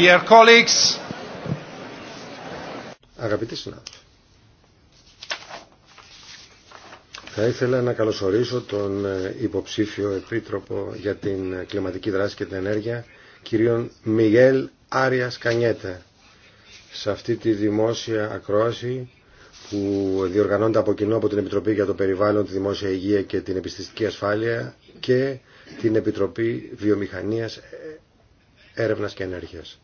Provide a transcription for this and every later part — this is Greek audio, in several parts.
Dear colleagues. Αγαπητοί συνάδελφοι, θα ήθελα να καλωσορίσω τον ε, υποψήφιο επίτροπο για την κλιματική δράση και την ενέργεια, κυρίον Μιγέλ Άρια Κανέτα, σε αυτή τη δημόσια ακρόαση που διοργανώνεται από κοινό από την Επιτροπή για το Περιβάλλον, τη Δημόσια Υγεία και την Επιστηστική Ασφάλεια και την Επιτροπή Βιομηχανίας ε, έρευνας και ενέργειας.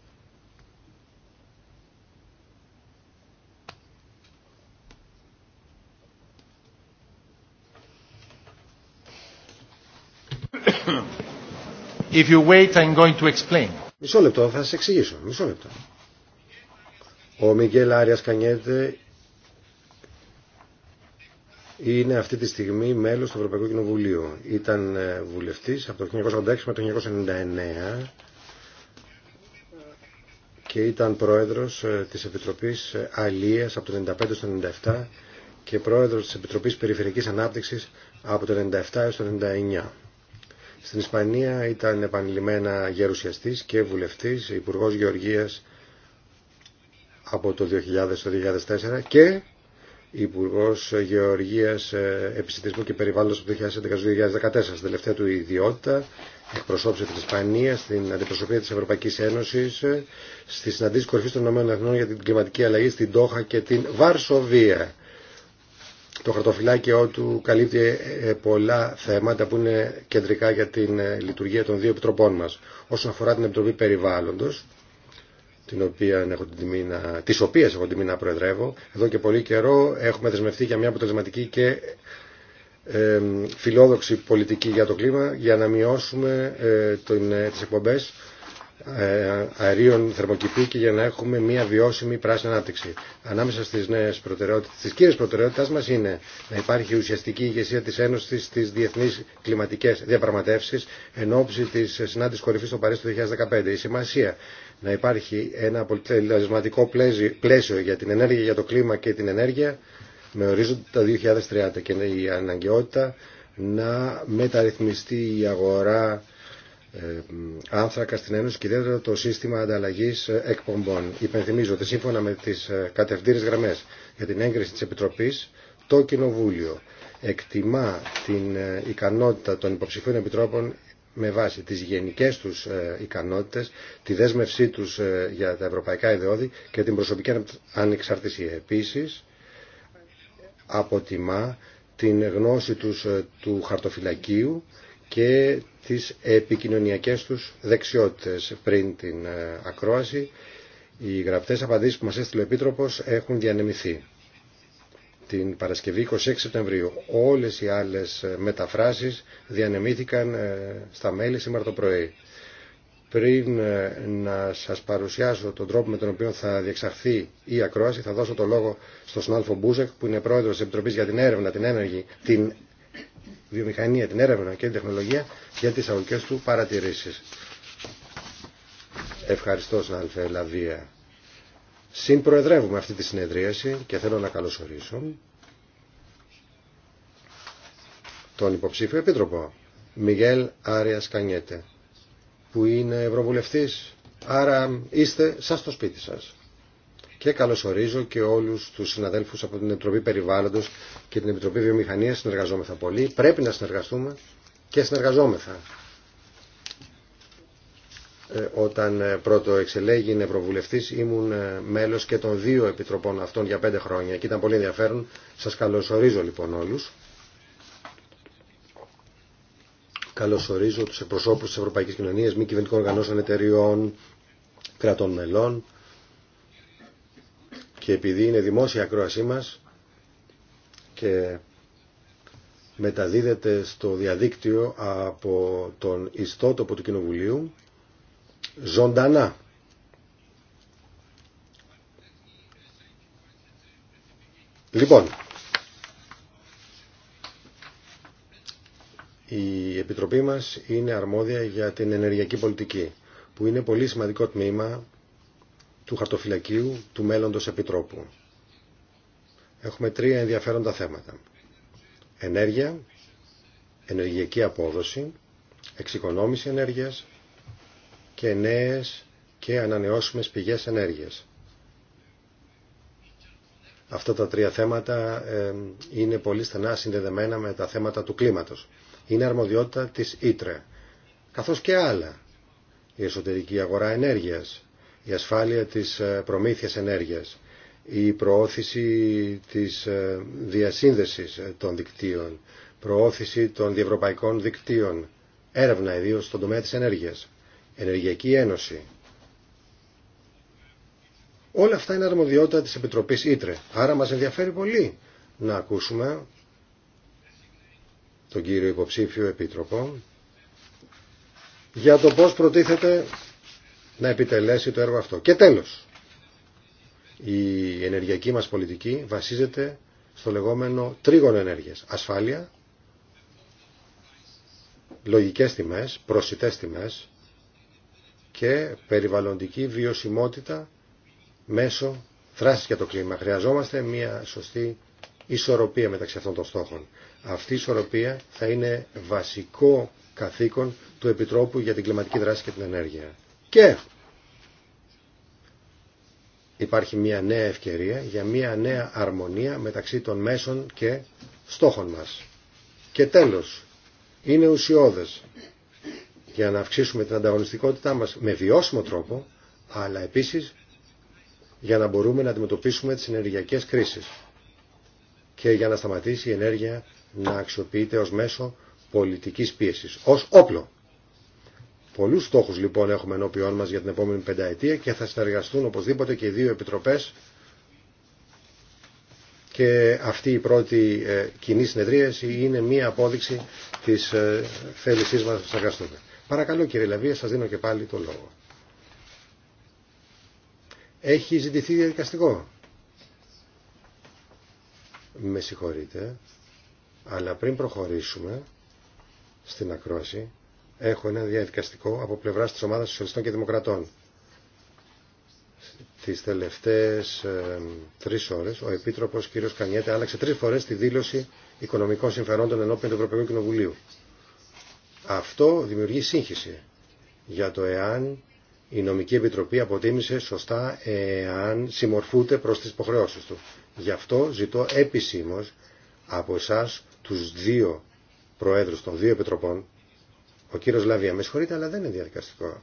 If you wait, I'm going to explain. Μισό λεπτό, θα σας εξηγήσω. Μισό λεπτό. Ο Μιγγέλ Άριας Κανιέτε είναι αυτή τη στιγμή μέλος του Ευρωπαϊκού Κοινοβουλίου. Ήταν ε, βουλευτής από το 1986 με το 1999 και ήταν πρόεδρος ε, της Επιτροπής ε, Αλίας από το 1995 στο 1997 και πρόεδρος της Επιτροπής Περιφερειακής Ανάπτυξης από το 1997 έως το 1999. Στην Ισπανία ήταν επανειλημμένα γερουσιαστής και βουλευτής, υπουργός γεωργίας από το 2000 στο 2004 και Υπουργό Γεωργίας ε, Επιστημισμού και Περιβάλλοντος από το 2011-2014. Στην τελευταία του ιδιότητα εκπροσώπησε την Ισπανία στην αντιπροσωπεία της Ευρωπαϊκής Ένωσης ε, στη συναντήση κορυφή των ΗΠΑ για την κλιματική αλλαγή στην Τόχα και την Βαρσοβία. Το χαρτοφυλάκιό του καλύπτει ε, ε, πολλά θέματα που είναι κεντρικά για την ε, λειτουργία των δύο επιτροπών μας. Όσον αφορά την Επιτροπή Περιβάλλοντος, την οποία έχω την τιμή να, τις οποίες έχω την τιμή να προεδρεύω, εδώ και πολύ καιρό έχουμε δεσμευτεί για μια αποτελεσματική και φιλόδοξη πολιτική για το κλίμα για να μειώσουμε ε, τις εκπομπές ε, αερίων θερμοκηπίου και για να έχουμε μια βιώσιμη πράσινη ανάπτυξη. Ανάμεσα στι νέε προτεραιότητες τι κύριε προτεραιότητά μα είναι να υπάρχει ουσιαστική ηγεσία τη Ένωση στι διεθνεί κλιματικέ διαπραγματεύσει εν ώψη τη συνάντηση κορυφή στο Παρίσι του 2015. Η σημασία να υπάρχει ένα αποτελεσματικό πλαίσιο για την ενέργεια, για το κλίμα και την ενέργεια με ορίζοντα το 2030 και η αναγκαιότητα να μεταρρυθμιστεί η αγορά ε, άνθρακα στην Ένωση και ιδιαίτερα το σύστημα ανταλλαγή ε, εκπομπών. Υπενθυμίζω ότι σύμφωνα με τι ε, κατευθύνε γραμμέ για την έγκριση τη Επιτροπή, το Κοινοβούλιο εκτιμά την ικανότητα των υποψηφίων επιτρόπων με βάση τις γενικές τους ικανότητες, τη δέσμευσή τους για τα ευρωπαϊκά ιδεώδη και την προσωπική ανεξαρτησία. Επίσης, αποτιμά την γνώση τους του χαρτοφυλακίου και τις επικοινωνιακές τους δεξιότητες. Πριν την ε, ακρόαση, οι γραπτές απαντήσεις που μας έστειλε ο Επίτροπος έχουν διανεμηθεί. Την Παρασκευή 26 Σεπτεμβρίου όλες οι άλλες ε, μεταφράσεις διανεμήθηκαν ε, στα μέλη σήμερα το πρωί. Πριν να σας παρουσιάσω τον τρόπο με τον οποίο θα διεξαχθεί η ακρόαση, θα δώσω το λόγο στον Σνάλφο Μπούζεκ, που είναι πρόεδρος της Επιτροπής για την έρευνα, την, ένεργη, την βιομηχανία, την έρευνα και την τεχνολογία για τις αγωγικές του παρατηρήσεις. Ευχαριστώ, συνάδελφε Λαβία. Συμπροεδρεύουμε αυτή τη συνεδρίαση και θέλω να καλωσορίσω τον υποψήφιο επίτροπο Μιγέλ Άρια Κανιέτε που είναι ευρωβουλευτής άρα είστε σας στο σπίτι σας και καλωσορίζω και όλους τους συναδέλφους από την Επιτροπή Περιβάλλοντος και την Επιτροπή Βιομηχανίας. Συνεργαζόμεθα πολύ. Πρέπει να συνεργαστούμε και συνεργαζόμεθα. Ε, όταν ε, πρώτο είναι Ευρωβουλευτής ήμουν ε, μέλος και των δύο επιτροπών αυτών για πέντε χρόνια και ήταν πολύ ενδιαφέρον. Σας καλωσορίζω λοιπόν όλους. Καλωσορίζω τους εκπροσώπους της Ευρωπαϊκής Κοινωνίας, μη κυβερνητικών οργανώσεων εταιριών, κρατών μελών, και επειδή είναι δημόσια ακρόασή μας και μεταδίδεται στο διαδίκτυο από τον ιστότοπο του Κοινοβουλίου ζωντανά. Λοιπόν, η Επιτροπή μας είναι αρμόδια για την ενεργειακή πολιτική, που είναι πολύ σημαντικό τμήμα του χαρτοφυλακίου του μέλλοντος επιτρόπου. Έχουμε τρία ενδιαφέροντα θέματα. Ενέργεια, ενεργειακή απόδοση, εξοικονόμηση ενέργειας και νέες και ανανεώσιμες πηγές ενέργειας. Αυτά τα τρία θέματα είναι πολύ στενά συνδεδεμένα με τα θέματα του κλίματος. Είναι αρμοδιότητα της Ήτρα. καθώς και άλλα. Η εσωτερική αγορά ενέργειας, η ασφάλεια της ε, προμήθειας ενέργειας, η προώθηση της ε, διασύνδεσης ε, των δικτύων, προώθηση των διευρωπαϊκών δικτύων, έρευνα ιδίως στον τομέα της ενέργειας, ενεργειακή ένωση. Όλα αυτά είναι αρμοδιότητα της Επιτροπής Ήτρε. Άρα μας ενδιαφέρει πολύ να ακούσουμε τον κύριο υποψήφιο επίτροπο για το πώς προτίθεται να επιτελέσει το έργο αυτό. Και τέλος, η ενεργειακή μας πολιτική βασίζεται στο λεγόμενο τρίγωνο ενέργειας. Ασφάλεια, λογικές τιμές, προσιτές τιμές και περιβαλλοντική βιωσιμότητα μέσω δράσης για το κλίμα. Χρειαζόμαστε μια σωστή ισορροπία μεταξύ αυτών των στόχων. Αυτή η ισορροπία θα είναι βασικό καθήκον του Επιτρόπου για την κλιματική δράση και την ενέργεια. Και υπάρχει μια νέα ευκαιρία για μια νέα αρμονία μεταξύ των μέσων και στόχων μας. Και τέλος, είναι ουσιώδες για να αυξήσουμε την ανταγωνιστικότητά μας με βιώσιμο τρόπο, αλλά επίσης για να μπορούμε να αντιμετωπίσουμε τις ενεργειακές κρίσεις και για να σταματήσει η ενέργεια να αξιοποιείται ως μέσο πολιτικής πίεσης, ως όπλο. Πολλούς στόχους λοιπόν έχουμε ενώπιόν μας για την επόμενη πενταετία και θα συνεργαστούν οπωσδήποτε και οι δύο επιτροπές και αυτή η πρώτη ε, κοινή συνεδρίαση είναι μία απόδειξη της ε, θέλησής μας να συνεργαστούμε. Παρακαλώ κύριε Λαβία, σας δίνω και πάλι το λόγο. Έχει ζητηθεί διαδικαστικό. Με συγχωρείτε, αλλά πριν προχωρήσουμε στην ακρόαση, έχω ένα διαδικαστικό από πλευρά της Ομάδα Σοσιαλιστών και Δημοκρατών. Τι τελευταίε ε, τρεις ώρες ο επίτροπο κ. Κανιέτα άλλαξε τρει φορέ τη δήλωση οικονομικών συμφερόντων ενώπιον του Ευρωπαϊκού Κοινοβουλίου. Αυτό δημιουργεί σύγχυση για το εάν η νομική επιτροπή αποτίμησε σωστά εάν συμμορφούνται προ τι υποχρεώσει του. Γι' αυτό ζητώ επισήμω από εσά του δύο προέδρου των δύο επιτροπών ο κύριος Λαβία, με συγχωρείτε, αλλά δεν είναι διαδικαστικό.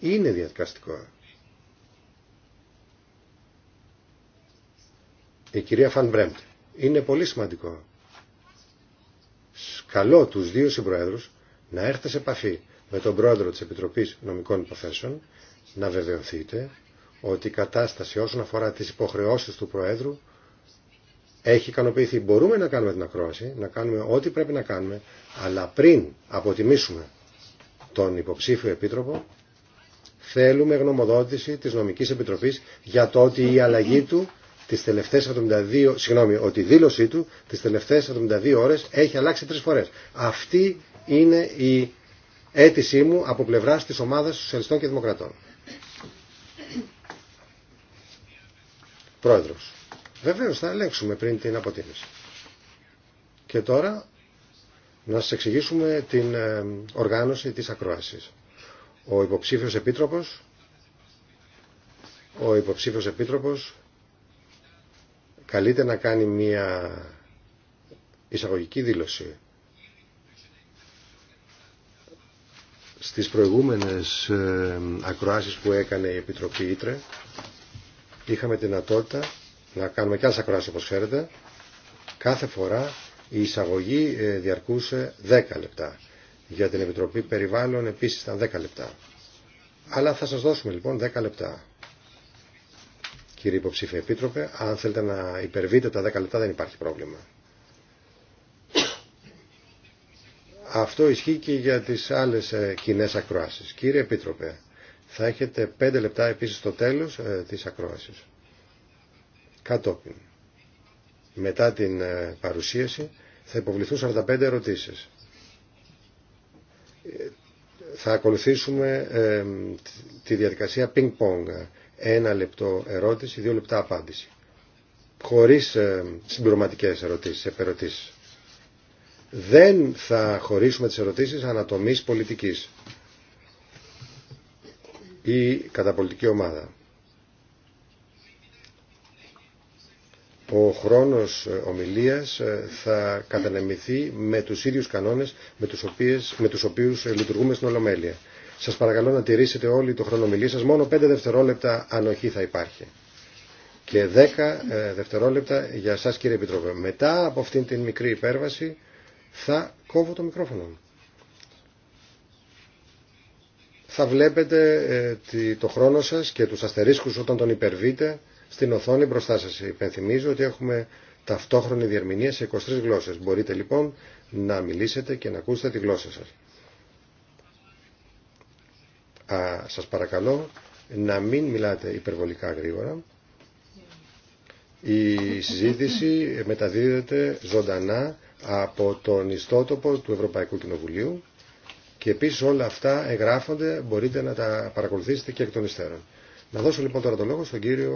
Είναι διαδικαστικό. Η κυρία Φαν Είναι πολύ σημαντικό. Καλό τους δύο συμπροέδρους να έρθετε σε επαφή με τον πρόεδρο της Επιτροπής Νομικών Υποθέσεων να βεβαιωθείτε ότι η κατάσταση όσον αφορά τις υποχρεώσεις του Προέδρου έχει ικανοποιηθεί. Μπορούμε να κάνουμε την ακρόαση, να κάνουμε ό,τι πρέπει να κάνουμε, αλλά πριν αποτιμήσουμε τον υποψήφιο επίτροπο, θέλουμε γνωμοδότηση της νομικής επιτροπής για το ότι η αλλαγή του τελευταίες 72, συγγνώμη, ότι η δήλωσή του τις τελευταίες 72 ώρες έχει αλλάξει τρεις φορές. Αυτή είναι η αίτησή μου από πλευρά τη ομάδα Σοσιαλιστών και Δημοκρατών. Πρόεδρος. Βεβαίω θα ελέγξουμε πριν την αποτίμηση. Και τώρα να σα εξηγήσουμε την ε, οργάνωση της ακρόασης. Ο υποψήφιος επίτροπος, ο υποψήφιος επίτροπος καλείται να κάνει μία εισαγωγική δήλωση. Στις προηγούμενες ε, ακροάσεις που έκανε η Επιτροπή Ήτρε είχαμε την δυνατότητα να κάνουμε κι άλλε ακροάσει όπω ξέρετε, κάθε φορά η εισαγωγή ε, διαρκούσε 10 λεπτά. Για την Επιτροπή Περιβάλλον επίση ήταν 10 λεπτά. Αλλά θα σα δώσουμε λοιπόν 10 λεπτά. Κύριε Υποψήφια Επίτροπε, αν θέλετε να υπερβείτε τα 10 λεπτά δεν υπάρχει πρόβλημα. Αυτό ισχύει και για τις άλλες ε, κοινέ ακρόασει. Κύριε Επίτροπε, θα έχετε 5 λεπτά επίση στο τέλος ε, τη ακρόαση. Κατόπιν, μετά την ε, παρουσίαση, θα υποβληθούν 45 ερωτήσεις. Ε, θα ακολουθήσουμε ε, τη διαδικασία ping-pong. Ένα λεπτό ερώτηση, δύο λεπτά απάντηση. Χωρίς συμπληρωματικές ερωτήσεις, επερωτήσεις. Δεν θα χωρίσουμε τις ερωτήσεις ανατομής πολιτικής ή κατά πολιτική ομάδα. ο χρόνος ε, ομιλίας ε, θα κατανεμηθεί με τους ίδιους κανόνες με τους, οποίες, με τους οποίους ε, λειτουργούμε στην Ολομέλεια. Σας παρακαλώ να τηρήσετε όλοι το χρόνο ομιλίας σας. Μόνο 5 δευτερόλεπτα ανοχή θα υπάρχει. Και 10 δευτερόλεπτα για σας κύριε Επιτρόπε. Μετά από αυτήν την μικρή υπέρβαση θα κόβω το μικρόφωνο θα βλέπετε το χρόνο σας και τους αστερίσκους όταν τον υπερβείτε στην οθόνη μπροστά σα Υπενθυμίζω ότι έχουμε ταυτόχρονη διερμηνία σε 23 γλώσσες. Μπορείτε λοιπόν να μιλήσετε και να ακούσετε τη γλώσσα σας. Σα σας παρακαλώ να μην μιλάτε υπερβολικά γρήγορα. Η συζήτηση μεταδίδεται ζωντανά από τον ιστότοπο του Ευρωπαϊκού Κοινοβουλίου και επίσης όλα αυτά εγγράφονται, μπορείτε να τα παρακολουθήσετε και εκ των υστέρων. Να δώσω λοιπόν τώρα το λόγο στον κύριο